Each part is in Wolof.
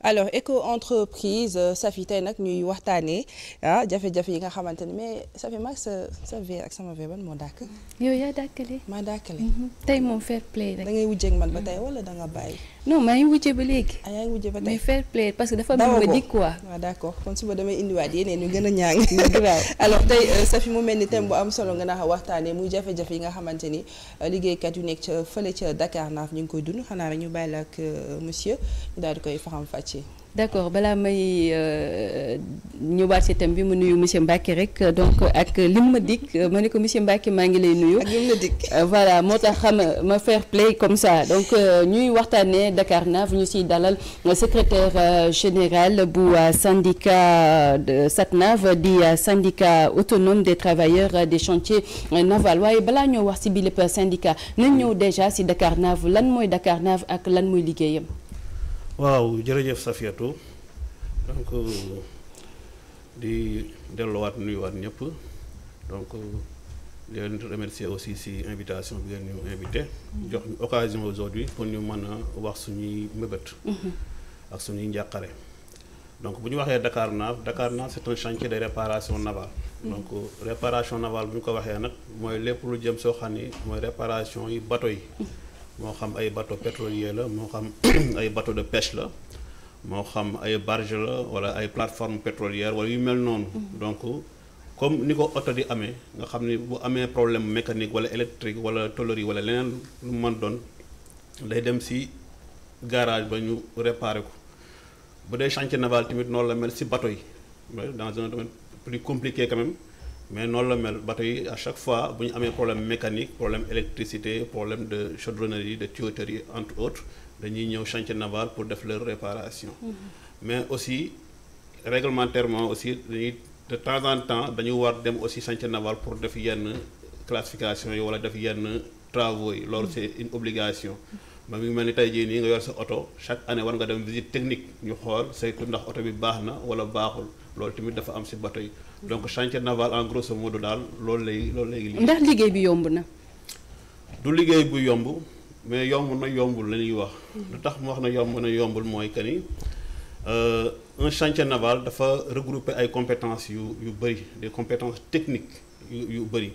alors éco entreprise euh, Safi tey nag ñuy waxtaanee ah jafe-jafe yi nga xamante ne mais Safi mag sa sa verre ak sama verre ban moo dàkk. yow yaa dàkkale. maa dàkkale. Mhm. tey moom fair play rek. da ngay wujjeeg man ba tey wala danga bàyyi. non maa ngi wujje ba léegi. ah yaa ngi wujje ba tey mais fair play parce que dafa. dama bëgg quoi waaw ah, d' kon suba damay indiwaat yeneen ñu gën a ñaang. waaw alors tey euh, Safi mu mel ni tam bu am solo nga naax a waxtaanee muy jafe-jafe yi nga xamante ni euh, liggéeykat yu nekk ca fële ca Dakar naaf ñu ngi koy dund xanaa rek ñu bàyyi la ak euh, monsieur daal di koy faram fàccee. d'accord balaa may euh, ñëwaat si thème bi ma nuyu monsieur Mbacke rek donc ak lim ma dikk ma ne ko monsieur Mbacke maa ngi lay nuyu. ak lim ma dikk euh, voilà moo tax xam ma fair play comme ça donc euh, ñuy waxtaanee Dakarnave ñu si dalal secrétaire général bu syndicat de SATNAV di syndicat autonome des travailleurs des chantiers navals waaye balaa ñoo wax si bi lépp syndicat nañ ñëw déjà si Dakarnave lan mooy Dakarnave ak lan mooy liggéeyam. waaw jërëjëf Safiatou donc euh, di delluwaat nuyuwaat ñëpp donc euh, di leen remercier aussi si invitation bi ngeen ñu invité jox ñu occasion aujourd'hui pour ñu mën a wax suñuy mébét mhm. ak suñuy njàqare donc bu ñu waxee dakaar Nave Dakar Nave c'est un chantier de réparation navale mhm. donc euh, réparation naval bu ñu ko waxee nag mooy lépp lu jëm soo xam mooy réparation yi bateau yi mhm. moo xam ay bato pétrolier la moo xam ay bato de pêche la moo xam ay barge la wala ay plateforme pétrolière wala yu mel noonu mm-hmm. donc comme ni ko oto di amee nga xam ni bu amee problème mécanique wala électrique wala tôlerie wala leneen lu mën doon day dem si garage ba ñu réparé ko bu dee chantier naval tamit noonu la mel si bato yi dans un domaine plus compliqué quand mais noonu la mel ba tey à chaque fois bu ñu amee problème mécanique problème électricité problème de chaudronnerie de tuyauterie entre autres dañuy ñëw chantier naval pour def leur réparation. Mm-hmm. mais aussi réglementairement aussi dañuy de temps en temps dañu war dem aussi chantier naval pour def yenn classification yi wala def yenn travaux yi. loolu c'est une obligation. Mm-hmm. ba mi mel ni tey jii nii nga yor sa oto chaque année war nga dem visite technique ñu xool saytu ndax oto bi baax na wala baaxul loolu tamit dafa am ci bato yi. donc chantier naval en grosso modo daal loolu lay loolu lay. ndax liggéey bi yomb na. du liggéey bu yomb mais yomb na yombul la ñuy wax. lu tax mu wax na yomb na yombul mooy que ni euh, un chantier naval dafa regrouper ay compétences yu yu bëri des compétences techniques yu bëri.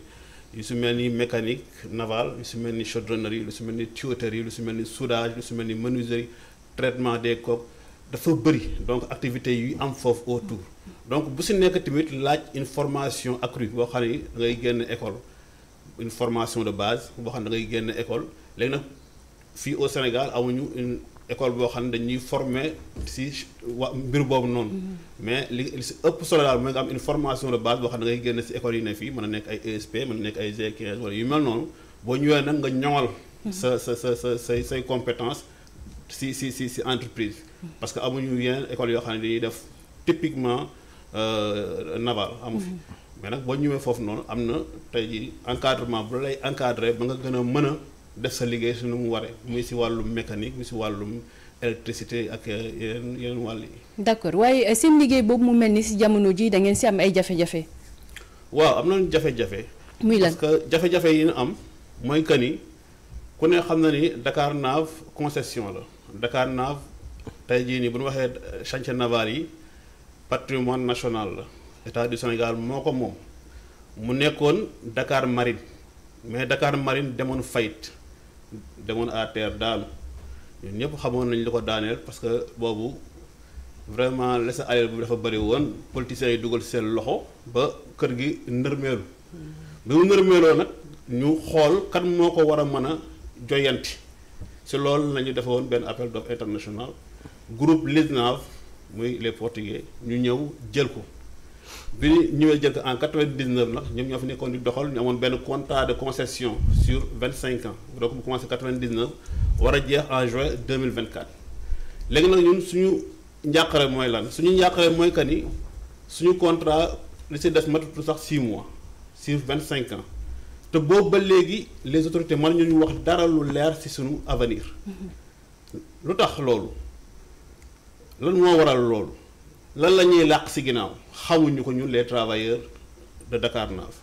lu su mel ni mécanique navale lu su mel ni chaudronnerie lu su mel ni tuyauterie lu su mel ni soudage lu su mel ni menuiserie traitement des coques dafa bëri donc activités yu am foofu autour donc bu si nekk tamit laaj une formation accrue boo xam ne da ngay génn école une formation de base boo xam ne da ngay génn école léegi nag fii au Sénégal amuñu une école boo xam ne dañuy former si wa mbir boobu noonu. Mm-hmm. mais li si ëpp solo daal mooy nga am une formation de base boo xam ne da ngay génn si école yi ne fii mën a nekk ay ESP mën a nekk ay G15 wala yu mel noonu boo ñëwee nag nga ñoŋal. Mm-hmm. sa sa sa sa say say compétence si si si si entreprise. Mm-hmm. parce que amuñu yeneen école yoo xam ne dañuy def. typiquement euh, naval amu fi mm-hmm. mais nag boo ñëwee foofu noonu am na tey jii encadrement bu lay encadré ba nga gën a mën a def sa liggéey su nu mu waree muy si wàllum mécanique muy si wàllum électricité ak euh, yeneen yeneen wàll yi. d'accord waaye euh, seen liggéey boobu mu mel ni si jamono ji da ngeen si am ay jafe-jafe. waaw am nañu jafe-jafe. muy lan parce que jafe-jafe yi ñu am mooy que ni ku ne xam na ni Dakar Nav concession la dakaar Nav tey jii nii bu nu waxee chantier naval yi. patrimoine national la état du Sénégal moo ko moom mu nekkoon Dakar Marine mais Dakar Marine demoon fayit demoon à terre daanu ñun ñëpp xamoon nañ li ko daaneel parce que boobu vraiment laisser-aller bu dafa bëri woon politiciens yi dugal seen loxo ba kër gi nërmeelu bi mu nërmeeloo nag ñu xool kan moo ko war a mën a joyanti si loolu la ñu defoon benn appel d'offres international groupe LISNAV muy les portugais ñu ñëw jël ko bi ñu ñëwee jël ko en 99 na ñoom ñoo fi nekkoon di doxal ñu amoon benn contrat de concession sur 25 ans donc mu commencé 99 war a jeex en juin 2024. léegi nag ñun suñu njàqare mooy lan suñu njàqare mooy que ni suñu contrat li si des matutu sax 6 mois sur 25 ans te boobu ba léegi les autorités mën ñu wax dara lu leer si suñu avenir mm-hmm. lu tax loolu. lan moo waral loolu lan la ñuy làq si ginnaaw xawuñu ko ñun les travailleurs de Dakarnave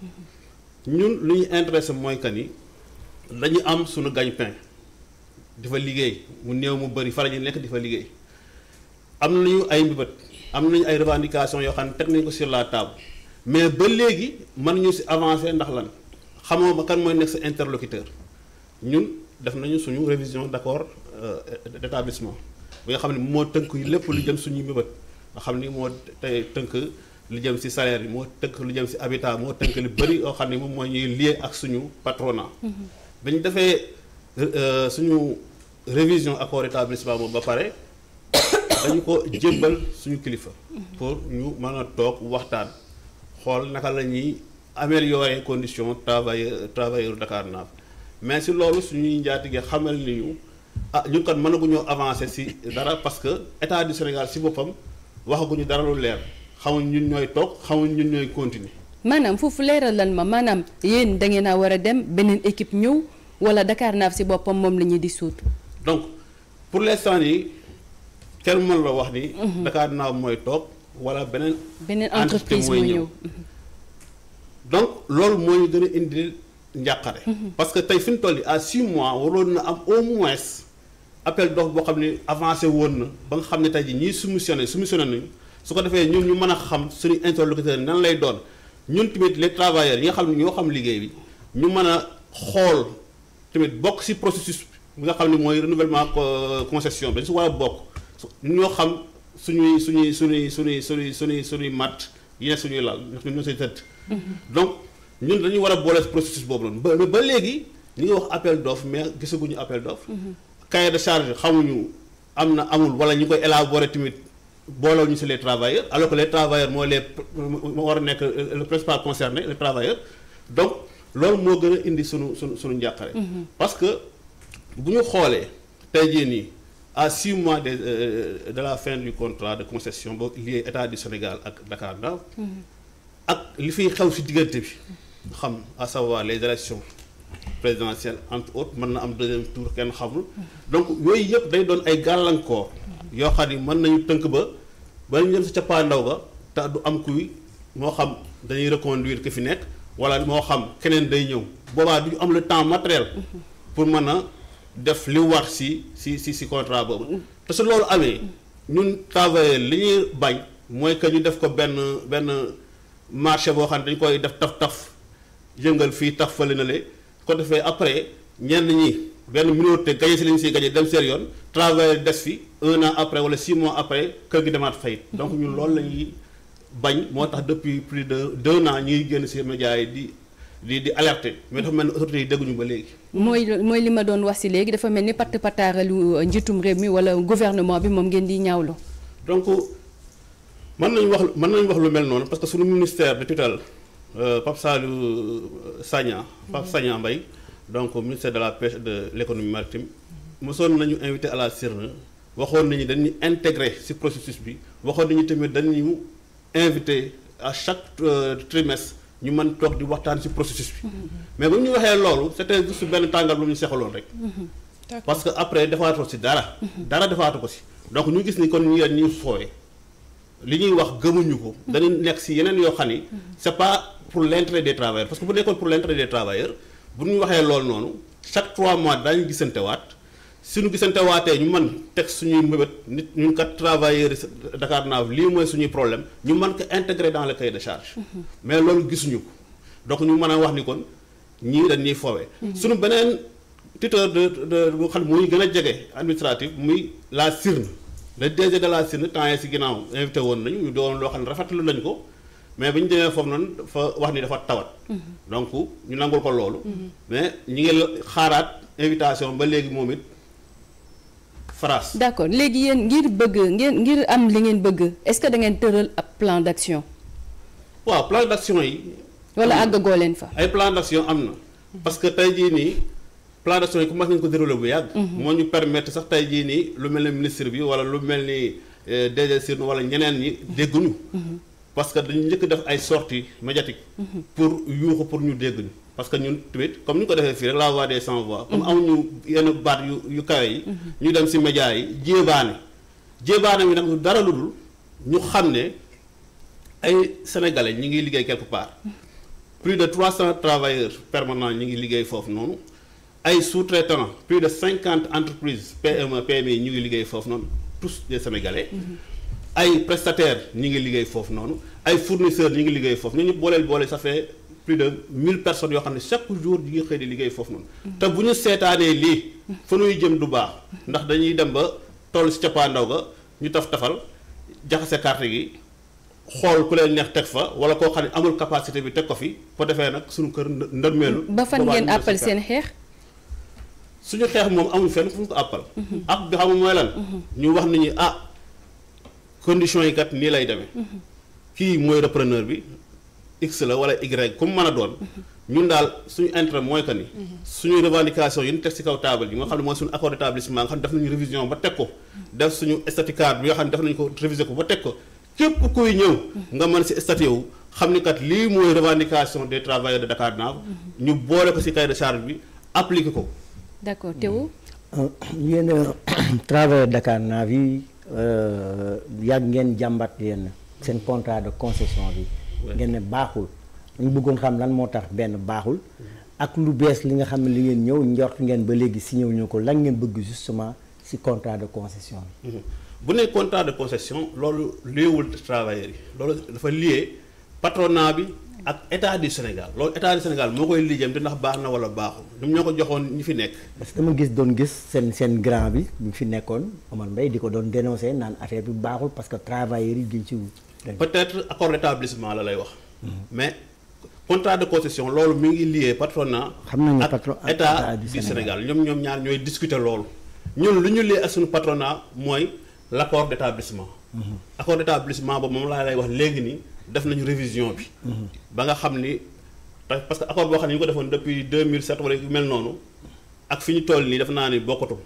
ñun lu ñu intéressé mooy kan yi dañu am suñu gagne-pain di fa liggéey mu néew mu bëri fa ñu nekk di fa liggéey am na ñu ay mbibët am nañu ay revendications yoo xam ne teg nañu ko sur la table mais ba léegi mën ñu si avancer ndax lan xamoo ma kan mooy nekk sa interlocuteur ñun def nañu suñu révision d'accord euh, d'établissement bi nga xam ne moo tënk lépp lu jëm suñuy mëbët nga xam ni moo tey tënk lu jëm si salaire yi moo tënk lu jëm si habitat moo tënk lu bari yoo xam ne moom moo ñuy lie ak suñu patronat. Mm-hmm. bi ñu defee euh, euh, suñu révision accord établissement moom ba pare dañu ko jébbal suñu kilifa. Mm-hmm. pour ñu mën a toog waxtaan xool naka la ñuy améliorer condition travailleur travailleur Dakarnave mais ci loolu suñuy njaatige xamal ni ñu. ah ñun kon mënaguñoo avancer si dara parce que état du Sénégal si boppam waxaguñu dara lu leer xamuñ ñun ñooy toog xamuñ ñun ñooy continuer. maanaam foofu leeral lan ma maanaam yéen da naa war a dem beneen équipe ñëw wala Dakarnave si boppam moom la di suut. donc pour l'instant yi kenn mën la wax ni. Mhm. Dakarnave mooy toog wala beneen. beneen entreprise mooy ñëw mhm. donc loolu moo gën a indil njàqare. Mhm. parce que tey fi yi à six mois waroon na am appel d'offres boo xam ne avancé woon na ba nga xam ne tey jii ñiy soumissionné soumissionné nañu su ko defee ñun ñu mën a xam suñu interlocuteur nan lay doon ñun tamit les travailleurs yi nga xam ne ñoo xam liggéey bi ñu mën a xool tamit bokk ci processus bi nga xam ni mooy renouvellement concession bi dañ su war a bokk ñoo xam suñuy suñuy suñuy suñuy suñuy suñuy suñuy matt yi ne suñuy lal ñun ñoo say tëdd mm-hmm. donc ñun dañu war a boole processus boobu noonu ba léegi ñu ngi wax appel d'offre mais gisaguñu appel cahier de charge xamuñu am na amul wala ñu koy élaborer tamit booloo ñu si les travailleurs alors que les travailleurs mooy les war a nekk euh, le principal concerné les travailleurs donc loolu moo gën a indi suñu sunu sunu njàqare mm-hmm. parce que bu ñu xoolee tey jii nii à six mois de euh, euh, de la fin du contrat de concession ba lié état du Sénégal ak Dakar Ndaw mm-hmm. ak li fiy xew si diggante bi xam à savoir les élections présidentielle entre autres mën na am deuxième tour kenn xamul donc yooyu yëpp day doon ay gàllankoor yoo xam ni mën nañu tënk ba ba ñu dem sa cappaandaw ga te du am kuy moo xam dañuy reconduire ki fi nekk wala moo xam keneen day ñëw boobaa du am le temps matériel pour mën a def li war si si si si contrat boobu te su loolu amee ñun travailleur li ñuy bañ mooy que ñu def ko benn benn marché boo xam ne dañ koy def taf taf yëngal fii taf fële na le ko defee après ñenn ñi benn minorité gañe si lañu si gañe dem seen yoon travail des fi un an après wala six mois après kër gi demaat fayit donc ñun loolu la ñuy bañ moo tax depuis plus de deux ans ñuy génn si médias yi di di di alerté mais dafa mel ni autorités yi dégguñu ba léegi. mooy mooy li ma doon wax si léegi dafa mel ni patt pataaralu euh, njiitum réew mi wala gouvernement bi moom ngeen di ñaawlu. donc mën nañu wax mën nañu wax lu mel noonu parce que suñu ministère de tutelle. Euh, Pape Saliou euh, Sagna Pape mhm. Sagna Mbaye donc ministère de la pêche et de l'économie maritime mosoon nañu invité à la CIRN waxoon nañu dañuy intégré ci processus bi waxoon nañu tamit dañu invité à chaque euh, trimestre ñu man toog di waxtaan ci processus bi mhm. mais bu ñu waxee loolu c'était juste benn tàngal lu ñu seexaloon rek mhm. parce que après defaatoo ci dara dara defaatu ko ci donc ñu gis ni kon ñu yen ñuy li ñuy wax gëmuñu ko dañu nekk ci yeneen yoo xam ni c'est pour l'intérêt des travailleurs parce que bu nekkoon pour l'intérêt des travailleurs bu ñu waxee lool noonu chaque trois mois daañu gisante waat suñu gisante waatee ñu man teg suñuy mbëbët nit ñun kat travailleurs Dakarnave lii mooy suñu problème ñu mën ko intégrer dans le cahier de charge. mais loolu gisuñu ko donc ñu mën a wax ni kon ñii dañuy foowee. suñu beneen tuteur de de bu xam muy gën a jege administratif muy la sirne le DG de la sirne temps yii si ginnaaw invité woon nañu ñu doon loo xam ne rafetlu nañ ko. mais bi ñu demee foofu noonu dafa wax ni dafa tawat. donc ñu nangul ko loolu. mais ñu ngi xaaraat invitation ba léegi moom it. France d'accord léegi yéen ngir bëgg ngeen ngir am li ngeen bëgg est-ce que da ngeen tëral ak plan d'action. waaw plan d'action yi. wala àggagoo leen fa. ay plan d'action am na. parce que tey jii nii plan d'action yi commencé nañu ko déroulé bu yàgg. Mhm. moo ñu permettre sax tey jii nii lu mel ne ministre bi wala lu mel ni euh, DG Sirno wala ñeneen ñi dégguñu. Mhm. parce que dañu njëkk def ay sorti médiatiques mhm. pour yuuxu pour ñu dégg ñu parce que ñun tamit comme ñu ko defee fii rek la voix des sans voix comme amuñu yenn baat yu yu kawe yi mhm. ñu dem si médias yi jéebaane jéebaane mi nag dara lu ñu xam ne ay sénégalais ñu ngi liggéey quelque part mhm. plus de trois cents travailleurs permanents ñu ngi liggéey foofu noonu ay soutre traitants plus de cinquante entreprises PME PMI ñu ngi liggéey foofu noonu tous des sénégalais ay prestataires ñi ngi liggéey foofu noonu ay fournisseurs ñi ngi liggéey foofu ñun ñëpp booleel boole ça fait plus de 1000 personnes yoo xam ne chaque jour ñi xëy di liggéey foofu noonu. Mm-hmm. te bu ñu seetaanee lii. fa nuy jëm du baax. Mm-hmm. ndax dañuy dem ba toll si cappaandaw ga ñu taf tafal jaxase carte gi xool ku leen neex teg fa wala koo xam ne amul capacité bi teg ko fi ko defee nag suñu kër ndërmeelu. ba fan ngeen appal seen xeex. suñu xeex moom amul fenn fu ñu conditions yi kat nii lay demee. kii mooy repreneur bi x la wala y comme mën a doon. ñun daal suñu intérêt mooy que ni. suñu revendication yi ñu teg si kaw table yi nga xam ne mooy suñu accord d'établissement nga xam ne def nañu révision ba teg ko. def suñu statut cadre bi nga xam ne def nañu ko réviser ko ba teg ko képp kuy ñëw. nga mën si statut yow xam ni kat lii mooy revendication des travailleurs de Dakar naa ko ñu boole ko si cahier de charge bi appliqué ko. Euh, yàgg ngeen jàmbat yenn seen contrat de concession bi. ngeen ne baaxul. ñu bëggoon xam lan moo tax benn baaxul. ak lu bees li nga xam ne li ngeen ñëw njort ngeen ba léegi si ñëw ñu ko lan ngeen bëgg justement si contrat de concession bi. Mhm. bu ne contrat de concession loolu liéwul travailleurs yi loolu dafa lié patronat bi. ak état du Sénégal loolu état du Sénégal moo koy liggéeyam te ndax baax na wala baaxul ñoom ñoo ko joxoon ñi fi nekk. parce que dama gis doon gis seen seen grand bi ñu fi nekkoon Omar Mbaye di ko doon dénoncé naan affaire bi baaxul parce que travailleurs yi duñ ci peut-être accord d'établissement la lay wax. Mm-hmm. mais contrat de concession loolu mi ngi lié patronat. xam nañu patron ak état du Sénégal ñoom ñoom ñaar ñooy discuter loolu. ñun lu ñu lié ak suñu patronat mooy l' mm-hmm. accord d' établissement. accord d' établissement boobu moom laa lay wax léegi nii. def nañu révision bi. ba nga xam ni parce que accord boo xam ne ñu ko defoon depuis 2007 wala yu mel noonu ak fi ñu toll nii def naa ni bokkatul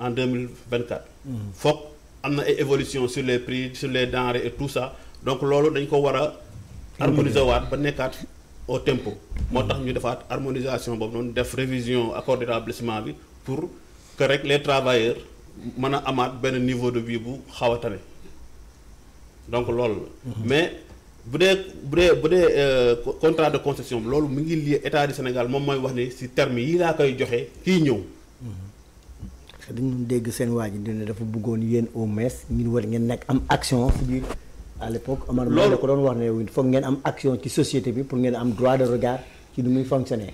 en 2024. foog am na ay évolution sur les prix sur les denrées et tout ça donc loolu dañ ko war a harmoniser waat ba nekkaat au tempo. moo tax ñu defaat harmonisation boobu noonu def révision accord d'établissement bi pour que rek les travailleurs mën a amaat benn niveau de vie bu xaw a tane donc bu dee bu dee bu dee euh, contrat de concession loolu mu ngi lii état du Sénégal moom mooy wax ni si terme yi laa koy joxe kii ñëw. dañu dégg seen waa ji dina dafa bëggoon yéen au moins ngir war ngeen nekk am action si biir à l'époque Omar Ba ko doon wax ne foog ngeen am action ci société bi pour ngeen am droit de regard ci nu muy fonctionner.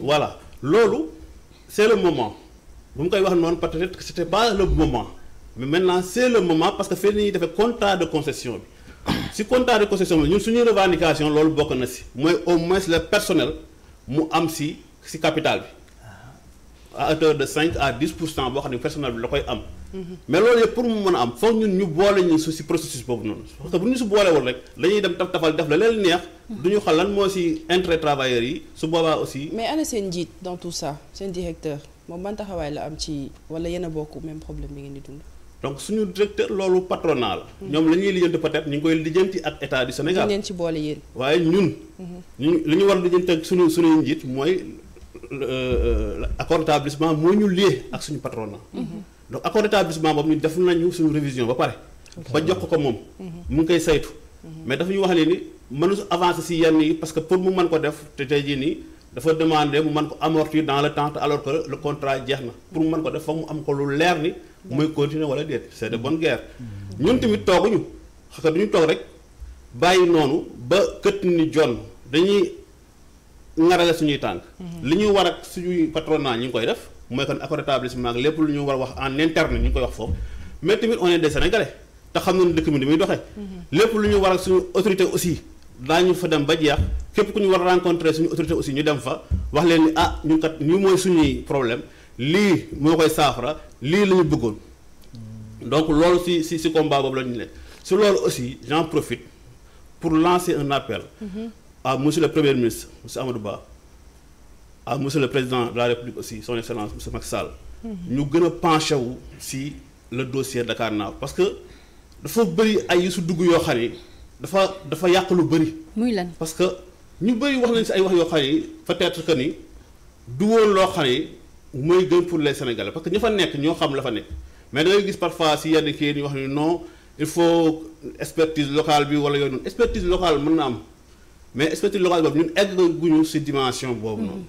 voilà loolu c'est le moment bu mu koy wax noonu peut-être que c'était pas le moment mais maintenant c'est parce que de concession bi. si contrat de bi ñun suñu revendication loolu bokk na si mooy au moins le mu am si si capital bi de 5 à 10 pour cent boo xam ne personnel bi la koy am. mais loolu yëpp pour mu mën a am foog ñun ñu boole su si processus boobu noonu. parce que bu ñu si booleewul rek dañuy dem taf tafal def la leen neex. du ñu lan moo si intérêt travailleurs yi su boobaa aussi. mais ana seen njiit dans tout ça seen directeur moom ban taxawaay la am ci wala yéen a bokk même problème bi ngeen di dund. donc suñu directeur loolu patronat la. ñoom la lijjanti peut ñu ngi koy lijjanti ak état du Sénégal. waaye ñun. ñu li ñu war lijjanti ak suñu suñuy njiit mooy euh, accord d'établissement moo ñu lié ak suñu patronat. donc accord d'établissement ñu def nañu suñu révision ba pare. ba jox ko moom. mu ngi koy saytu. mais dafa ñu wax ni mënu avancer si yenn yi parce que pour mu mën ko def te tey jii nii. dafa demander mu mën ko amortir dans le temps alors que le contrat jeex na pour mu mën ko def fa mu am muy continuer wala déet c'est de bonne guerre ñun tamit tooguñu xaka ñu toog rek bàyyi noonu ba kët ni jon dañuy ngarale suñuy tànk mhm. li ñu war ak suñuy patronat ñu ngi koy def mooy kon accord établissement ak lépp lu ñu war wax en ñu ngi koy wax foofu mais tamit on est des sénégalais mhm. lépp lu ñu war ak suñu autorité aussi daañu fa dem ba jeex képp ku ñu war rencontrer suñu autorité aussi ñu dem fa wax leen ni ah ñun kat ñu mooy suñuy problème lii moo koy saafara lii la bëggoon donc loolu si ci ci combat boobu la si nekk ci loolu aussi j'en profite pour lancer un appel à monsieur le premier ministre monsieur Amadou Ba à monsieur le président de la République aussi son excellence monsieur Macky Sall ñu gën a penché wu ci le dossier Dakar Naaw parce que dafa bëri ay su dugg yoo xam ne dafa dafa yàq lu bëri muy lan parce que ñu bëri wax nañ ci ay wax yoo xam ne peut-être que ni du loo xam ne mooy gën pour les Sénégalais parce que ña fa nekk ñoo xam la fa mais da ngay gis parfois si yenn kii yi ñu wax faut expertise locale bi wala yooyu noonu expertise locale na am mais expertise locale ñun egg guñu si dimension boobu noonu.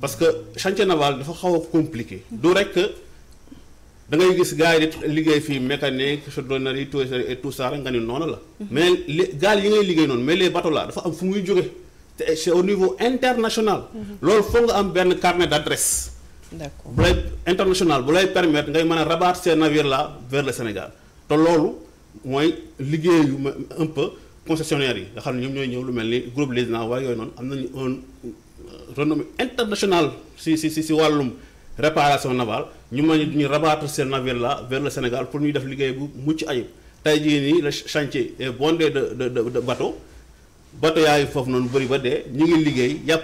parce que chantier naval dafa xaw a compliqué. du rek da ngay gis gars yi liggéey fii mécanique chaudronnerie tout et tout ça rek nga ni noonu la. mais li gaal yi ngay liggéey noonu mais les bateaux là dafa am fu muy jóge te au niveau international. Mhm. loolu foog nga am benn carnet d'adresse. d'accord bu lay international bu lay permettre ngay mën a rabattre ces navires là vers le Sénégal te loolu mooy liggéeyu un peu concessionnaires yi nga xam ne ñoom ñooy ñëw lu mel ni groupe Lézina waaye yooyu noonu am ñu un euh, renommée internationale si si si si wàllum réparation navale ñu mën ñu rabaatu ces navires là vers le Sénégal pour ñuy def liggéey bu mucc ay tey jii nii le chantier est bondé de de de bateaux bateaux yaayu foofu noonu bëri ba dee ñu ngi liggéey y a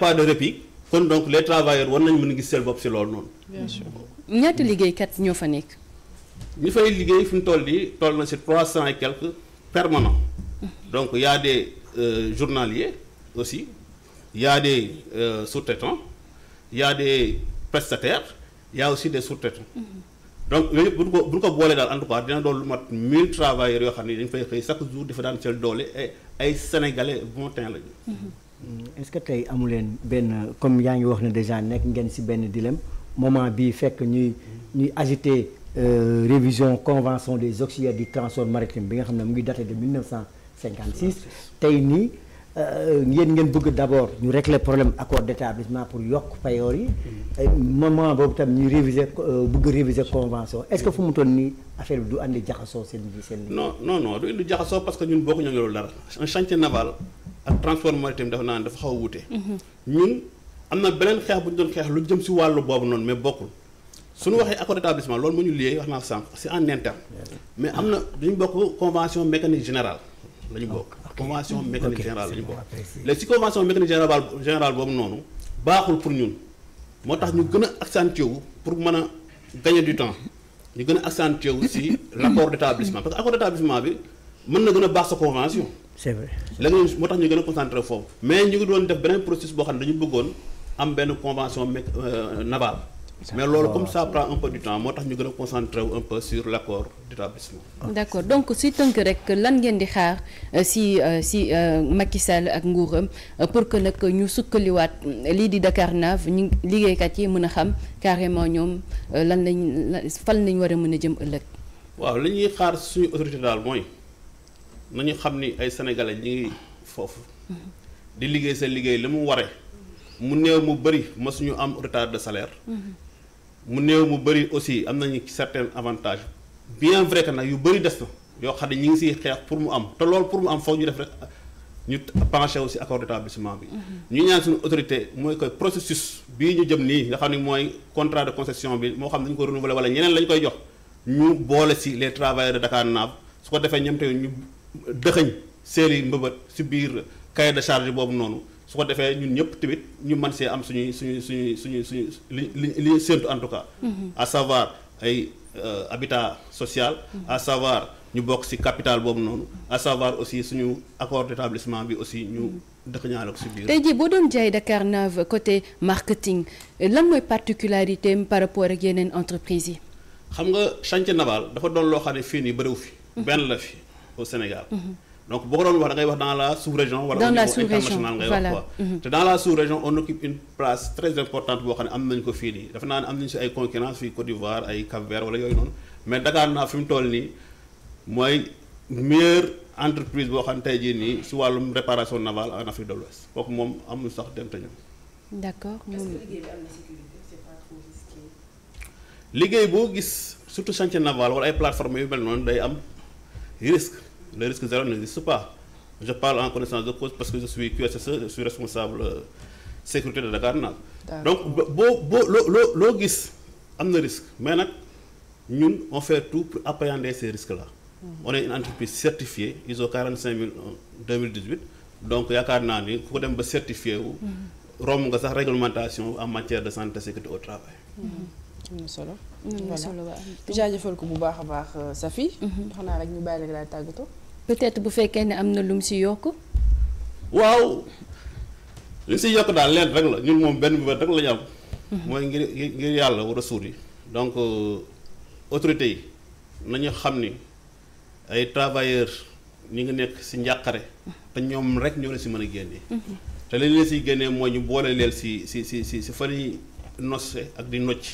kon donc les travailleurs war nañ mën a gis seen bopp si loolu noonu. ñetti sûr ñaata liggéeykat ñoo fa nekk. ñu fay liggéey fi mu toll nii toll na si trois cent et quelques permanents mm-hmm. donc y' a des euh, journaliers aussi yaa a des euh, sous-traitants y' a des prestataires y' a aussi des sous-traitants. Mm-hmm. donc yooyu bu ko bu ko boolee daal en dina doon lu mat mille travailleurs yoo xam ne dañ fay xëy chaque jour dafa daan seen doole ay ay sénégalais bon temps lañu. Mm-hmm. Euh, est-ce que tey amu leen benn comme yaa ngi wax na déjà nekk ngeen si benn dilemme moment bii fekk ñuy ñuy agité euh, révision convention des auxiliaires du transport maritime bi nga xam ne mu ngi daté de 1956 tey nii ngeen euh, ngeen bëgg d'abord ñu régler problème accord d'établissement pour yokk payoor yi moment boobu tam ñu réviser bëgg réviser convention est-ce que fu mu toll nii affaire bi du andi jaxasoo seen bi seen non non non du indi jaxasoo parce que ñun bokkuñu loolu dara un chantier naval ak transport maritime dafa naan dafa xaw a wuute. Mhm. ñun am na beneen xeex bu ñu doon xeex lu jëm si wàllu boobu noonu mais bokkul suñu waxee accord d'établissement loolu moo ñu lié wax naa sànq c'est en interne. mais am na dañu bokk convention mécanique générale. la ñu ah, bokk convention mécanique générale la ñu bokk léegi si convention mécanique générale générale boobu noonu baaxul pour ñun moo tax ñu gën a accentué wu pour mën a gagner du temps ñu gën a wu si l'accord d'établissement parce que accord d'établissement bi mën na gën a baax sa convention. c'est vrai moo tax ñu gën a concentré foofu mais ñu ngi doon def beneen processus boo xam ne dañu bëggoon am benn convention mec euh, navale mais loolu comme sa prend un peu du temps moo tax ñu gën a concentré wu un peu sur l' accord d' donc si tënk rek lan ngeen di xaar euh, si euh, si Macky Sall ak nguuram pour que nag ñu sukkaliwaat lii di Dakarnave ñu liggéeykat yi mën a xam carrément ñoom lan lañ fan nañ war a mën a jëm ëllëg. waaw li ñuy xaar suñu autorité daal mooy. nañu xam ni ay sénégalais ñi ngi foofu di liggéey seen liggéey li mu waree mu néew mu bëri masuñu am retard de salaire mu néew mu bëri aussi am nañu certain avantage bien vrai que nag yu bari des na yoo xam ne ñi ngi siy xeex pour mu am te lool pour mu am foog ñu def rek ñu penché aussi accord d'établissement bi ñu ñaan suñu autorité mooy koy processus bii ñu jëm nii nga xam ne mooy contrat de concession bi moo xam ne dañu ko renouveler wala ñeneen lañ koy jox ñu boole si les travailleurs de Dakarnave su ko defee ñoom tey dëxëñ seeni mbëbët si biir cahier de charge boobu noonu su ko defee ñun ñëpp tamit ñu man see am suñuy suñuy suñuy suñuy suñu li li li séentu en tout cas. Mm-hmm. à savoir ay euh, habitat social. Mm-hmm. à savoir ñu bokk si capital boobu noonu. à savoir aussi suñu accord d'établissement bi aussi ñu mm-hmm. dëxëñaale ko si biir. tey jii boo doon jaay Dakar Nav côté marketing lan mooy particularité par rapport ak yeneen entreprise yi. xam nga chantier naval dafa doon loo xam ne fii nii bëriw fi. benn la fi. au Sénégal. donc boo ko doon wax da ngay wax dans la sous-région. wala au niveau international ngay wax quoi mhm. te dans la sous-région on occupe une place très importante boo xam ne am nañu ko fii nii dafa naa ne am nañu si ay concurrence fii Côte d'Ivoire ay Cap-Vert wala yooyu noonu mais Dakar naa fi mu nii mooy meilleure entreprise boo xam ne tey jii nii si wàllum réparation navale en Afrique de l'Ouest kooku moom amul sax dem te ñëw. d'accord moom liggéey boo Le risque zéro n'existe pas. Je parle en connaissance de cause parce que je suis QSSE, je suis responsable euh, sécurité de Dakar naag. donc boo boo loo loo gis am na risque mais nag ñun on fait tout pour appréhender ces risques là. Hmm. on est une entreprise certifiée mille 45001 euh, 2018 donc yaakaar naa ni ku ko dem ba certifié wu. Hmm. romb nga sax réglementation en matière de santé sécurité au travail. Hmm. am na solo. am ko bu baax a baax euh, Safi. Mhm. xanaa rek ñu bàyyi la daal tàggatoo. peut bu fekkee ne am na lu mu si yokk. waaw li si yokk daal leen rek la ñun moom benn bu rek la ñu am. Mhm. mooy ngir ngir yàlla war a suur yi. donc euh, autorité yi nañu xam ni ay travailleurs ñi ngi nekk si njàqare mhm. te ñoom rek ñoo leen si mën a génnee. te leen siy génnee mooy ñu boole leen si si si fan yi noce ak di nocc.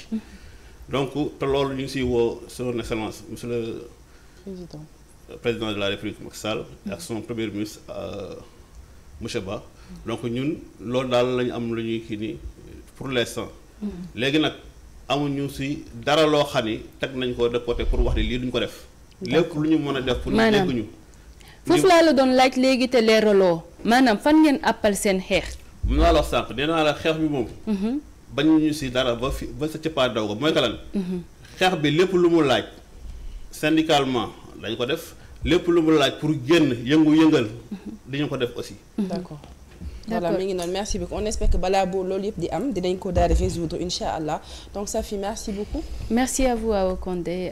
donc te loolu ñu si siy woo son excellence monsieur le. président de la république Macky Sall. ak son premier ministre euh, monsieur Ba. donc ñun loolu daal la ñu am lu ñuy kii nii pour l'instant. Mm-hmm. léegi nag ñu si dara loo xam ni teg nañ ko de côté pour wax ni lii duñ ko def. lekk lu ñu mën a def. pour ñu dégg ñu. foofu laa la doon laaj léegi te leeraloo. maanaam fan ngeen appal seen xeex. mun naa la wax sànq nee la xeex bi moom. Mm-hmm. bañ ñu si dara ba fi ba sa cëppaandaw ko mooy kalal mhm. xeex bi lépp lu mu laaj syndicalement dañ ko def lépp lu mu laaj pour génn yëngu-yëngal mhm. dañu ko def aussi voilà mi ngi noonu merci beaucoup on espère que balaa boobu loolu yëpp di am dinañ ko daal di résoudre incha allah donc Safi merci beaucoup. merci à vous Awa Kondé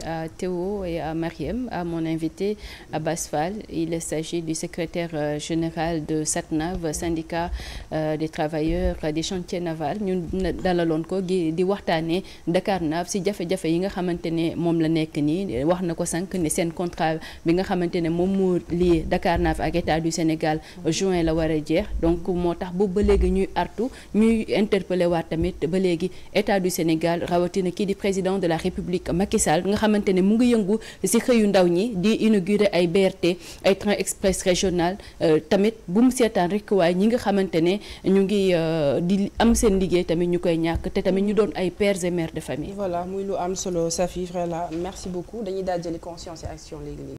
mon invité Abass Fall il s'agit secrétaire euh, général de SATNAV syndicat euh, des travailleurs euh, des chantiers navals ñun dalaloon ko di waxtaanee Dakarnave si jafe-jafe yi nga xamante ne moom la nekk nii wax na ko sànq ni seen contral bi nga xamante ne moom moo lii Dakarnave ak état du Sénégal juin la war a jeex donc. moo tax boobu ba léegi ñuy artu ñuy interpellé waat tamit ba léegi état du Sénégal rawatina kii di président de la République Macky Sall nga xamante ne mu ngi yëngu si xëyu ndaw ñi di inauguré ay BRT ay train express régional euh, tamit bu mu seetaan rek waaye ñi nga xamante ne ñu ngi euh, di am seen liggéey tamit ñu koy ñàkk te tamit ñu doon ay pères et mères de famille. voilà muy lu am solo Safi Frela merci beaucoup dañuy daal jëli conscience et action léegi